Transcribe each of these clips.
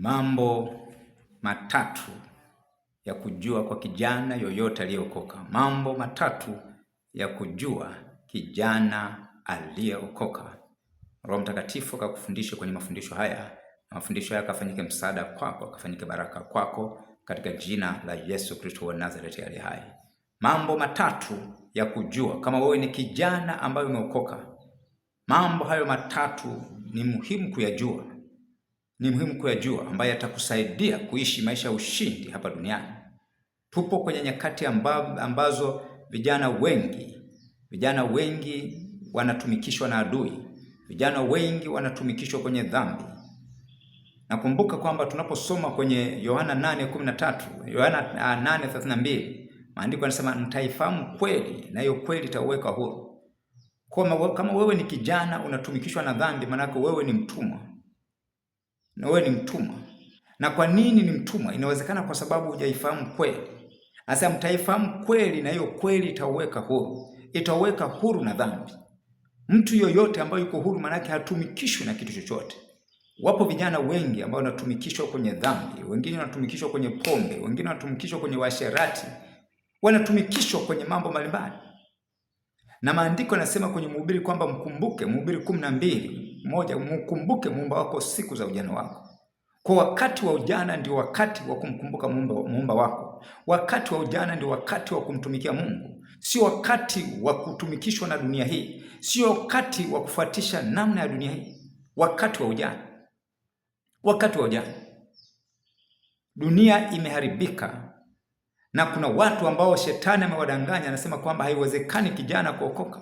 mambo matatu ya kujua kwa kijana yoyote aliyeokoka. Mambo matatu ya kujua kijana aliyeokoka. Roho Mtakatifu akakufundisha kwenye mafundisho haya, na mafundisho haya akafanyike msaada kwako, akafanyike baraka kwako katika jina la Yesu Kristo wa Nazareti aliye hai. Mambo matatu ya kujua kama wewe ni kijana ambaye umeokoka. Mambo hayo matatu ni muhimu kuyajua ni muhimu kuyajua, ambaye yatakusaidia kuishi maisha ya ushindi hapa duniani. Tupo kwenye nyakati ambazo vijana wengi vijana wengi wanatumikishwa na adui, vijana wengi wanatumikishwa kwenye dhambi. Nakumbuka kwamba tunaposoma kwenye Yohana 8:13, Yohana 8:32, ah, maandiko yanasema mtaifahamu kweli na hiyo kweli itaweka huru. Kama wewe ni kijana unatumikishwa na dhambi, maanake wewe ni mtumwa na wewe ni mtumwa. Na kwa nini ni mtumwa? Inawezekana kwa sababu hujaifahamu kweli. Sasa mtaifahamu kweli, na hiyo kweli itaweka huru, itauweka huru na dhambi. Mtu yoyote ambaye yuko huru, maanake hatumikishwi na kitu chochote. Wapo vijana wengi ambao wanatumikishwa kwenye dhambi, wengine wanatumikishwa kwenye pombe, wengine wanatumikishwa kwenye washerati, wanatumikishwa kwenye mambo mbalimbali na maandiko yanasema kwenye Mhubiri kwamba mkumbuke, Mhubiri kumi na mbili moja, mkumbuke muumba wako siku za ujana wako. Kwa wakati wa ujana ndio wakati wa kumkumbuka muumba wako. Wakati wa ujana ndio wakati wa kumtumikia Mungu, sio wakati wa kutumikishwa na dunia hii, sio wakati wa kufuatisha namna ya dunia hii. Wakati wa ujana, wakati wa ujana, dunia imeharibika na kuna watu ambao shetani amewadanganya, anasema kwamba haiwezekani kijana kuokoka.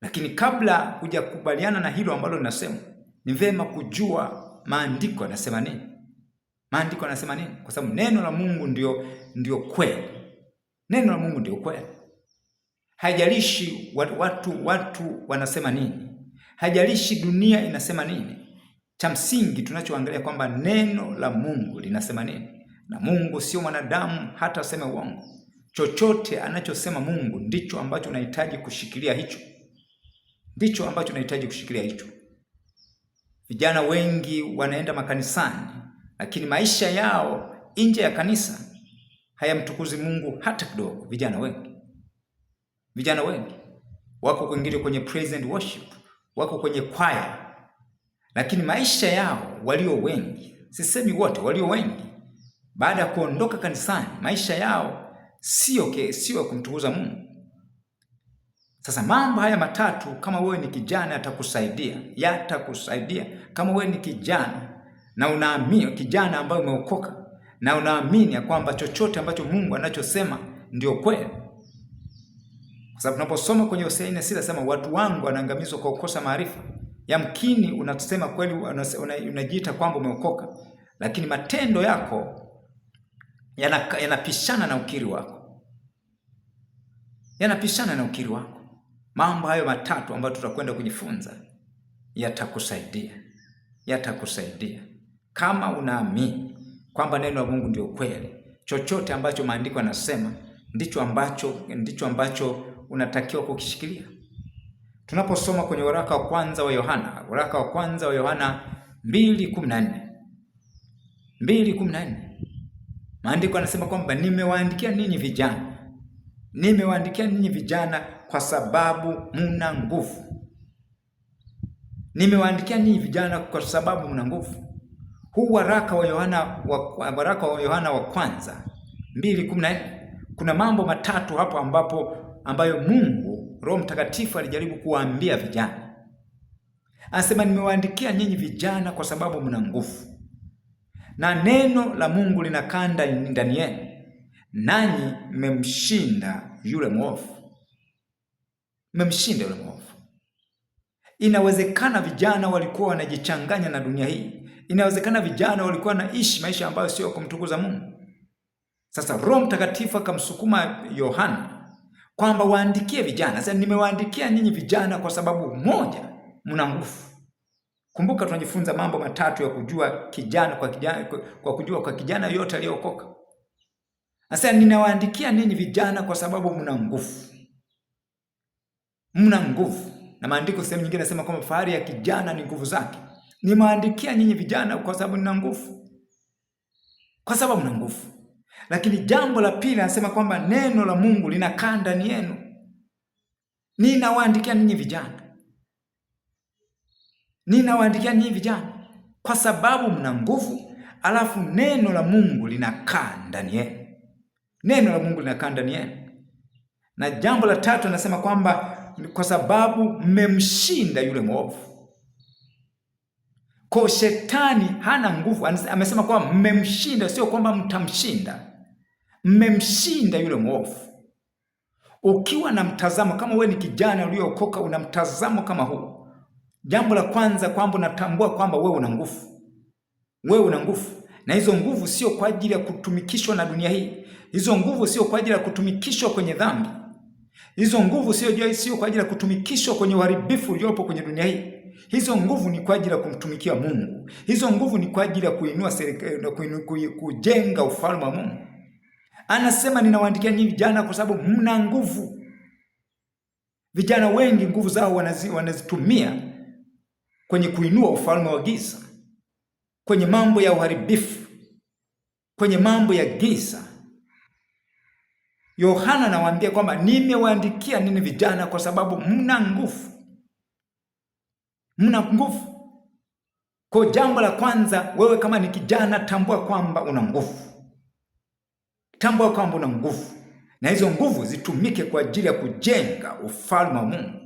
Lakini kabla hujakubaliana na hilo ambalo linasema, ni vema kujua maandiko yanasema nini. Maandiko yanasema nini? Kwa sababu neno la Mungu ndio ndio kweli, neno la Mungu ndio kweli. Haijalishi watu, watu watu wanasema nini, haijalishi dunia inasema nini. Cha msingi tunachoangalia kwamba neno la Mungu linasema nini na Mungu sio mwanadamu hata aseme uongo. Chochote anachosema Mungu ndicho ambacho unahitaji kushikilia hicho, ndicho ambacho unahitaji kushikilia hicho. Vijana wengi wanaenda makanisani, lakini maisha yao nje ya kanisa hayamtukuzi Mungu hata kidogo. Vijana wengi, vijana wengi wako kwingine kwenye praise and worship, wako kwenye kwaya, lakini maisha yao, walio wengi, sisemi wote, walio wengi baada ya kuondoka kanisani, maisha yao sio sio kumtukuza Mungu. Sasa mambo haya matatu, kama wewe ni kijana, yatakusaidia yatakusaidia. Kama wewe ni kijana na unaamini, kijana ambaye umeokoka na unaamini ya kwamba chochote ambacho Mungu anachosema ndio kweli, kwa sababu tunaposoma kwenye Hosea 4:6 nasema watu wangu wanaangamizwa kwa kukosa maarifa. Yamkini unasema kweli, unajiita una, una kwamba umeokoka, lakini matendo yako yanapishana na ukiri wako, yanapishana na ukiri wako. Mambo hayo matatu ambayo tutakwenda kujifunza yatakusaidia, yatakusaidia kama unaamini kwamba neno la Mungu ndio kweli. Chochote ambacho maandiko yanasema ndicho ambacho, ndicho ambacho unatakiwa kukishikilia. Tunaposoma kwenye waraka wa kwanza wa Yohana, waraka wa kwanza wa Yohana 2:14 2:14 Maandiko anasema kwamba nimewaandikia ninyi vijana, nimewaandikia ninyi vijana kwa sababu mna nguvu. Nimewaandikia ninyi vijana kwa sababu mna nguvu. Huu waraka wa Yohana wa, waraka wa Yohana wa kwanza 2:14 kuna mambo matatu hapo ambapo ambayo Mungu Roho Mtakatifu alijaribu kuwaambia vijana. Anasema nimewaandikia ninyi vijana kwa sababu mna nguvu na neno la Mungu linakanda ndani yenu, nanyi mmemshinda yule mwovu. Mmemshinda yule mwovu. Inawezekana vijana walikuwa wanajichanganya na dunia hii. Inawezekana vijana walikuwa wanaishi maisha ambayo sio kumtukuza Mungu. Sasa Roho Mtakatifu akamsukuma Yohana kwamba waandikie vijana. Sasa nimewaandikia nyinyi vijana kwa sababu moja, mna nguvu Kumbuka tunajifunza mambo matatu ya kujua kijana kwa kijana, kwa kujua kwa kijana yote aliyokoka. Sasa ninawaandikia ninyi vijana kwa sababu mna nguvu, mna nguvu, na maandiko sehemu nyingine nasema kwamba fahari ya kijana ni nguvu zake. Nimewaandikia ninyi vijana kwa sababu nina nguvu, kwa sababu mna nguvu. Lakini jambo la pili anasema kwamba neno la Mungu linakaa ndani yenu. Ninawaandikia ninyi vijana ninawaandikia ninyi vijana, kwa sababu mna nguvu, alafu neno la Mungu linakaa ndani yenu. Neno la Mungu linakaa ndani yenu. Na jambo la tatu anasema kwamba kwa sababu mmemshinda yule mwovu. Kwa shetani hana nguvu, amesema kwamba mmemshinda, sio kwamba mtamshinda, mmemshinda yule mwovu. Ukiwa na mtazamo kama wewe ni kijana uliokoka, una mtazamo kama huu Jambo la kwanza kwamba unatambua kwamba wewe una nguvu, wewe una nguvu, na hizo nguvu sio kwa ajili ya kutumikishwa na dunia hii. Hizo nguvu sio kwa ajili ya kutumikishwa kwenye dhambi. Hizo nguvu sio sio kwa ajili ya kutumikishwa kwenye uharibifu uliopo kwenye dunia hii. Hizo nguvu ni kwa ajili ya kumtumikia Mungu. Hizo nguvu ni kwa ajili ya kuinua serikali eh, na kujenga ufalme wa Mungu. Anasema, ninawaandikia nyinyi vijana kwa sababu mna nguvu. Vijana wengi nguvu zao wanazitumia kwenye kuinua ufalme wa giza, kwenye mambo ya uharibifu, kwenye mambo ya giza. Yohana anawaambia kwamba nimewaandikia nini vijana, kwa sababu mna nguvu, mna nguvu. Kwa jambo la kwanza, wewe kama ni kijana, tambua kwamba una nguvu, tambua kwamba una nguvu, na hizo nguvu zitumike kwa ajili ya kujenga ufalme wa Mungu.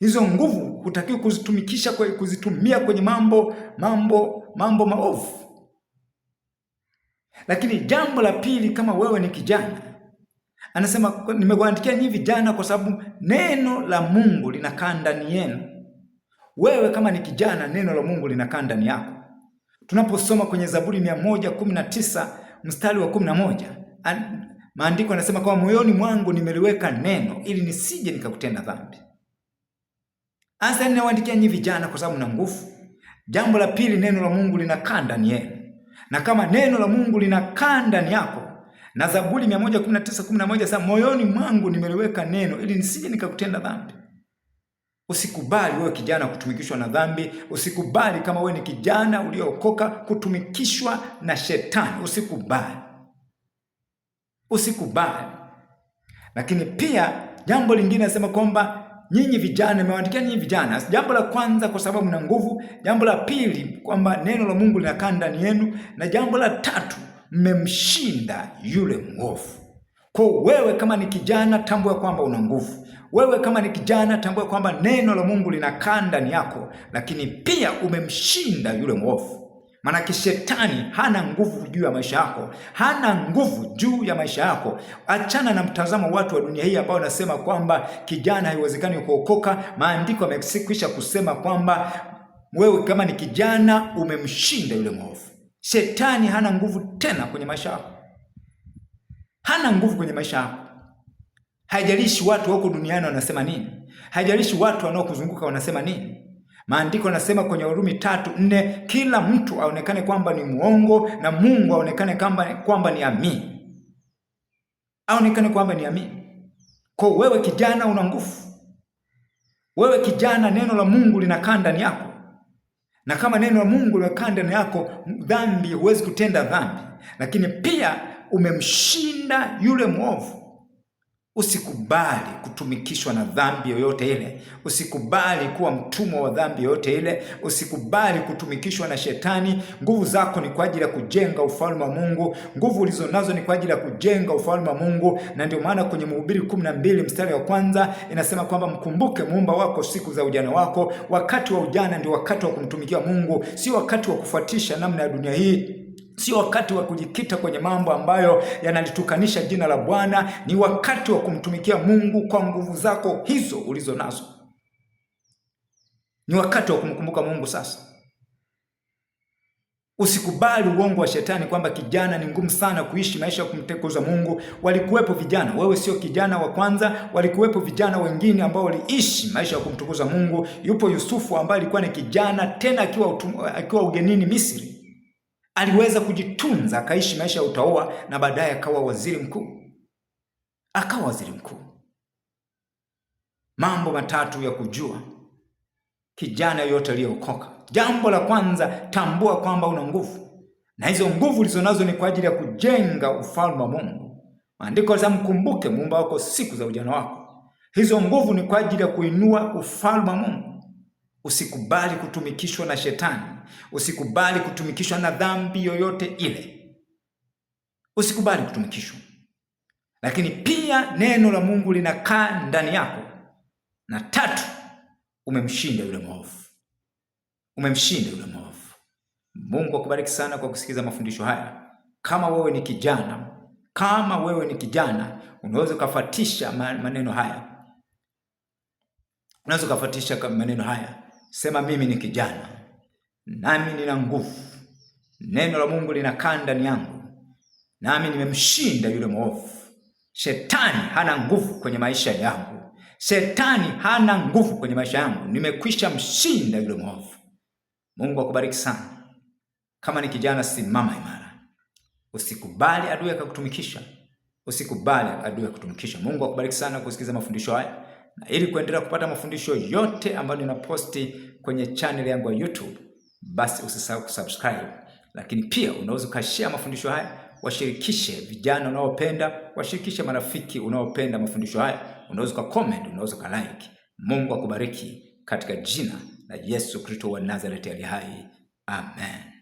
Hizo nguvu hutakiwi kuzitumikisha kwe, kuzitumia kwenye mambo mambo mambo maovu. Lakini jambo la pili, kama wewe ni kijana, anasema nimekuandikia nyinyi vijana kwa sababu neno la Mungu linakaa ndani yenu. Wewe kama ni kijana, neno la Mungu linakaa ndani yako. Tunaposoma kwenye Zaburi mia moja kumi na tisa mstari wa kumi na moja maandiko anasema kwamba moyoni mwangu nimeliweka neno ili nisije nikakutenda dhambi. Ansa ninawaandikia nyinyi vijana kwa sababu mna nguvu. Jambo la pili, neno la Mungu linakaa ndani yenu, na kama neno la Mungu linakaa ndani yako na Zaburi 119:11 sasa, moyoni mwangu nimeliweka neno ili nisije nikakutenda dhambi. Usikubali wewe kijana kutumikishwa na dhambi. Usikubali kama wewe ni kijana uliokoka kutumikishwa na shetani. Usikubali, usikubali. Lakini pia jambo lingine nasema kwamba nyinyi vijana, nimewaandikia nyinyi vijana, jambo la kwanza kwa sababu mna nguvu, jambo la pili kwamba neno la Mungu linakaa ndani yenu, na jambo la tatu mmemshinda yule mwovu. Kwa wewe kama ni kijana, tambua kwamba una nguvu. Wewe kama ni kijana, tambua kwamba neno la Mungu linakaa ndani yako, lakini pia umemshinda yule mwovu. Maanake shetani hana nguvu juu ya maisha yako, hana nguvu juu ya maisha yako. Achana na mtazamo watu wa dunia hii ambao wanasema kwamba kijana haiwezekani kuokoka. Maandiko yamekwisha kusema kwamba wewe kama ni kijana umemshinda yule mwovu. Shetani hana nguvu tena kwenye maisha yako, hana nguvu kwenye maisha yako. Haijalishi watu wako duniani wanasema nini, haijalishi watu wanaokuzunguka wanasema nini Maandiko yanasema kwenye Warumi tatu nne kila mtu aonekane kwamba ni mwongo na Mungu aonekane kwamba ni amini, aonekane kwamba ni amini. Kwa wewe kijana, una nguvu wewe kijana, neno la Mungu linakaa ndani yako, na kama neno la Mungu linakaa ndani yako, dhambi huwezi kutenda dhambi, lakini pia umemshinda yule mwovu. Usikubali kutumikishwa na dhambi yoyote ile. Usikubali kuwa mtumwa wa dhambi yoyote ile. Usikubali kutumikishwa na shetani. Nguvu zako ni kwa ajili ya kujenga ufalme wa Mungu. Nguvu ulizo nazo ni kwa ajili ya kujenga ufalme wa Mungu, na ndio maana kwenye Mhubiri kumi na mbili mstari wa kwanza inasema kwamba mkumbuke muumba wako siku za ujana wako. Wakati wa ujana ndio wakati wa kumtumikia Mungu, sio wakati wa kufuatisha namna ya dunia hii. Sio wakati wa kujikita kwenye mambo ambayo yanalitukanisha jina la Bwana. Ni wakati wa kumtumikia Mungu kwa nguvu zako hizo ulizo nazo. Ni wakati wa kumkumbuka Mungu sasa. Usikubali uongo wa shetani kwamba kijana ni ngumu sana kuishi maisha ya kumtukuza Mungu. Walikuwepo vijana, wewe sio kijana wa kwanza. Walikuwepo vijana wengine ambao waliishi maisha ya kumtukuza Mungu. Yupo Yusufu ambaye alikuwa ni kijana tena akiwa akiwa ugenini Misri aliweza kujitunza, akaishi maisha ya utaoa na baadaye akawa waziri mkuu. Akawa waziri mkuu. Mambo matatu ya kujua kijana yoyote aliyeokoka. Jambo la kwanza, tambua kwamba una nguvu, na hizo nguvu ulizonazo ni kwa ajili ya kujenga ufalme wa Mungu. Maandiko za mkumbuke muumba wako siku za ujana wako. Hizo nguvu ni kwa ajili ya kuinua ufalme wa Mungu. Usikubali kutumikishwa na shetani, usikubali kutumikishwa na dhambi yoyote ile, usikubali kutumikishwa. Lakini pia neno la Mungu linakaa ndani yako, na tatu, umemshinda yule mwovu, umemshinda yule mwovu. Mungu akubariki sana kwa kusikiliza mafundisho haya. Kama wewe ni kijana, kama wewe ni kijana, unaweza ukafatisha maneno haya, unaweza ukafatisha maneno haya sema mimi ni kijana nami nina nguvu, neno la Mungu linakaa ndani yangu, nami nimemshinda yule mwovu. Shetani hana nguvu kwenye maisha yangu, shetani hana nguvu kwenye maisha yangu, nimekwisha mshinda yule mwovu. Mungu akubariki sana. Kama ni kijana, simama imara, usikubali adui akakutumikisha, usikubali adui akutumikisha. Mungu akubariki sana kusikiza mafundisho haya na ili kuendelea kupata mafundisho yote ambayo ninaposti kwenye channel yangu ya YouTube, basi usisahau kusubscribe. Lakini pia unaweza ukashare mafundisho haya, washirikishe vijana unaopenda, washirikishe marafiki unaopenda mafundisho haya. Unaweza ka comment, unaweza ka like. Mungu akubariki katika jina la Yesu Kristo wa Nazareti ali hai, amen.